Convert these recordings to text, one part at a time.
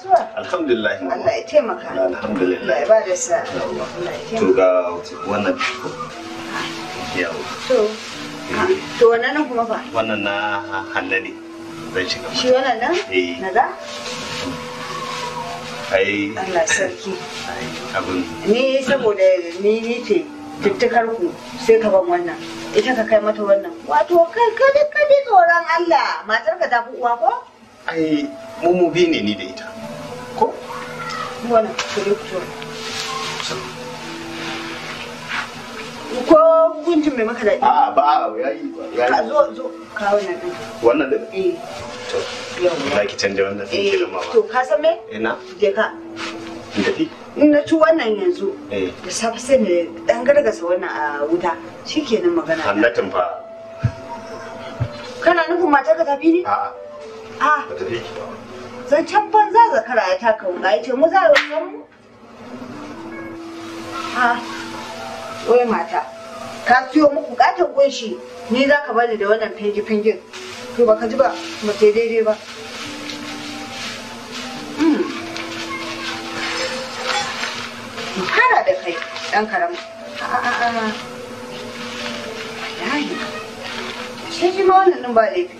kasuwa? Alhamdulillah. Allah ya taimaka. Alhamdulillah. Ya ba da sa. To ga wannan yawo. To. Eh. To wannan nan kuma fa? Wannan na hannu ne. Zan shiga. Shi wannan nan? Eh. Na da? Ai. Allah sarki. Abin. Ni saboda ni ni ce tuttukar ku sai ka ban wannan. Ita ka kai mata wannan. Wato kai kai kai tsoron Allah matar ka ta fi uwa ko? Ai mu bi ne ni da ita. Voilà, c'est le tour. Ko guntun mai maka daɗi? A ba ya yi ba. Ka zo zo ka wannan ɗin. Wannan ɗin? Eh. To, za ki canja wannan ɗin ke ma To, ka san me? Ina. Je ka. In tafi? In na ci wannan yanzu. Eh. Da safe sai ne ɗan gargasa wannan a wuta. Shi kenan magana. Hannatin fa. Kana nufin matar ka tafi ne? A'a. A'a. Ba ta tafi ba. zancen banza ka ya taka wuka ya ce mu za mu ha wai mata ka siyo muku katon kunshi ni za ka bani da wannan fengi fengin to ka ji ba ba ta daidai ba fara hmm, da kai dan karamu a'a a'a wallahi sai shi ma wannan ba laifi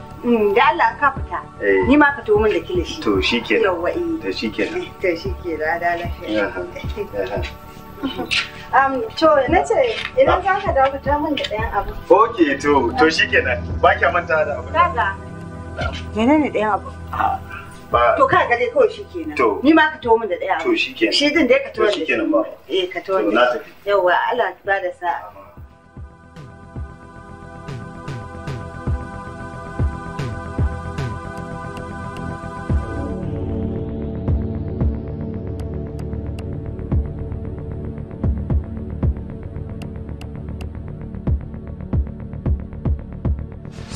Mm, da Allah ka fita eh. ni ma ka tomin da kilishi to shi ke yawa eh to shi ke eh, to shi ke da da lafiya um to na ce idan za ka dawo ta min da ɗayan abu okay to to shi ke nan ba kya manta da abu kaga menene ɗayan abu ah, to ka ga dai kawai shi kenan to ni ma ka tomin da ɗayan abu to shi kenan shi din dai ka tomin To shi ke nan ba eh ka tomin da Yawwa, Allah ba da sa'a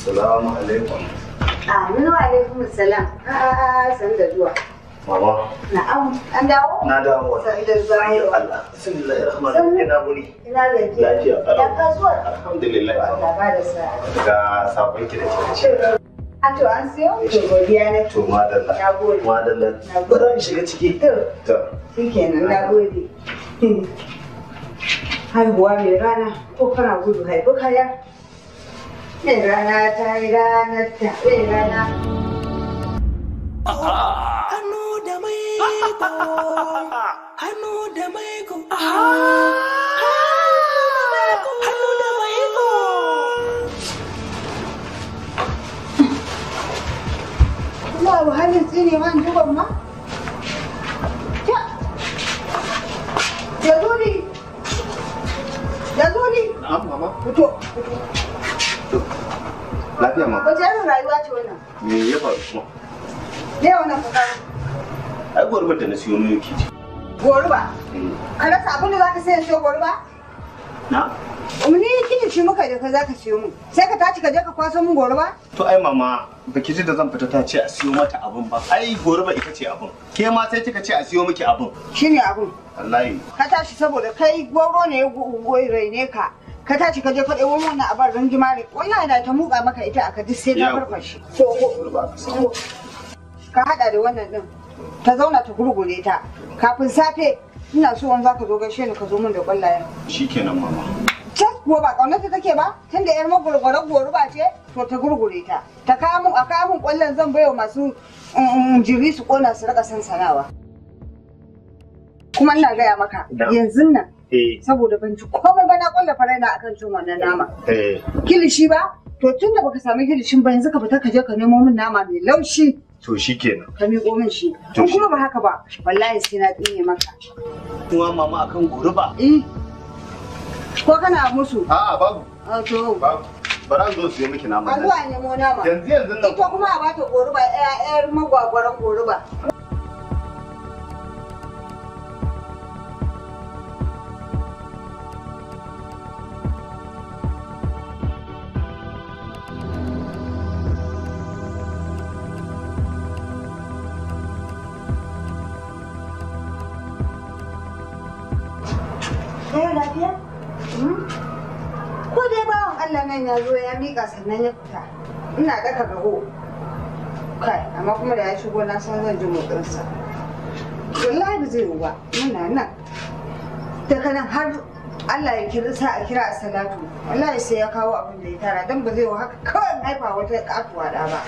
Assalamu alaikum. Aminu alaikum salam. A'a san da zuwa. Mama. Na'am, an dawo? Na dawo. da zuwa. Allah. Bismillahir rahmanir rahim. Ina guri. Ina lafiya. Lafiya. Ya kasuwa. Alhamdulillah. Allah ba da sa'a. Ga sabon ki da kike A to an siyo? To godiya ne. To madalla. Na gode. Madalla. Na gode. Bari shiga ciki. To. To. Shikenan, na gode. Haihuwa mai rana ko kana gudu haifi kaya. إيرانا تايرانا تايرانا Hannu da maiko, hannu da maiko, hannu da maiko. Lawo hannun tsini man duban ma? Ya, ya zo ne, ya zo ne. Na'am, mama. Fito, fito. Lafiya ma. Wace irin rayuwa ce wannan? Me ya faru kuma? Me wannan ka kawo? Ai goruba da na siyo min yake ce. Goruba? Eh. Ka rasa abin da za ka sayar siyo goruba? Na? Ni kiji ci muka da ka za ka siyo mu. Sai ka tashi ka je ka kwaso min goruba? To ai mama baki ji da zan fita ta ce a siyo mata abin ba. Ai goruba ita ce abin. Ke ma sai kika ce a siyo miki abin. Shine abin. Wallahi. Ka tashi saboda kai goro ne ya raine ka. ka tashi ka je ka wannan mun a bar ne wallahi da ta muka maka ita aka duk sai ta farfashe ka hada da wannan din ta zauna ta gurgure ta kafin safe ina so wani zaka zo gaishe ni ka zo min da kwallayen shikenan mama can kuwa ba ta take ba da yar magurgurar goruba ce to ta gurgure ta ta kawo a kawo mun kwallon zan baiwa masu mm, mm, mm, jiri su kona su rika sansanawa kuma ina gaya maka yanzu nan Eh. saboda ban ci komai ba na kwalla farela akan cin wannan nama eh. kilishi ba to tun da baka sami kilishin ba yanzu ka fita ka je ka nemo min nama mai laushi to shi kenan ka miƙo min shi tun kuma ba haka ba wallahi sai na tsine maka kuma mama akan guruba. eh ko kana musu a'a babu a to babu bara zo su yi miki nama. A zuwa nemo nama. Yanzu yanzu nan. Ita kuma a bata goruba, 'ya'yar magwagwaran goruba. Yau lafiya? Hmm? Ko dai bawan Allah nan ya zo ya miƙa sannan ya fita. Ina ga gaho. Kai, amma kuma da ya shigo na san zan ji motsinsa. Wallahi ba zai yi ba, muna nan. Daga nan har Allah ya kira sa a kira salatu. Wallahi sai ya kawo abin da ya tara don ba zai yi haka kawai haifa wata katuwa da ba.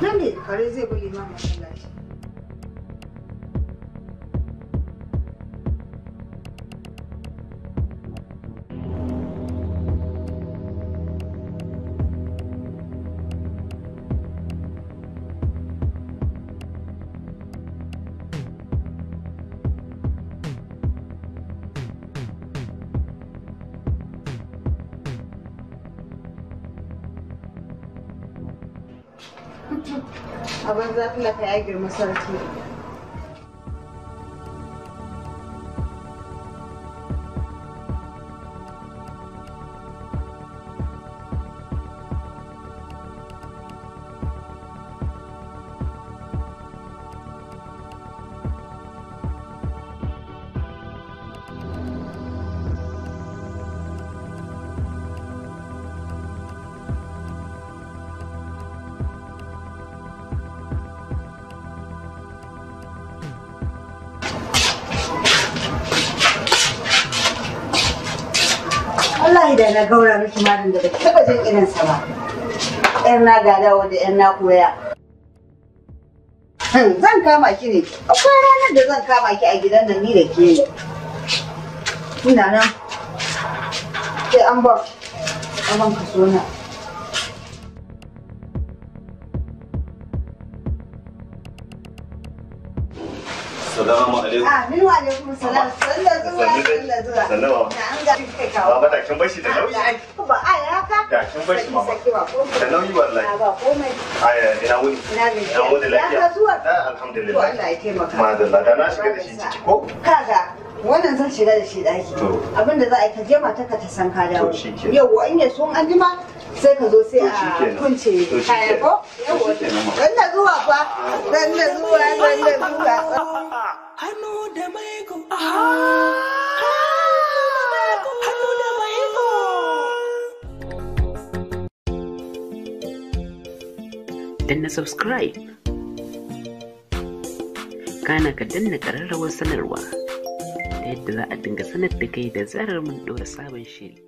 Nan ne kare zai bi limamin a banza talaka ya girma sarki wallahi da na gaura miki malam da baki taba jin irin sa ba yar na gada wanda yar na koya zan kama ki ne akwai ranar da zan kama ki a gidan nan ni da ke ina nan sai an ba a ka so na Assalamu alaikum. Amin wa alaikum salam. Sallar zuwa sallar kai kawo. Ba ta bashi da nauyi. Ba a ya Da kin bashi mama. Da nauyi lafiya. Ah, na shiga ko? wannan zan shiga da shi daki abinda za a yi ka je matarka ta san ka dawo yau in ya so an sai ka zo sai a kunce kaya ko dan da zuwa da zuwa dan da zuwa ah. danna subscribe kana ka danna kararrawar sanarwa ta yadda za a dinga sanar da kai da zarar mun ɗora sabon shiri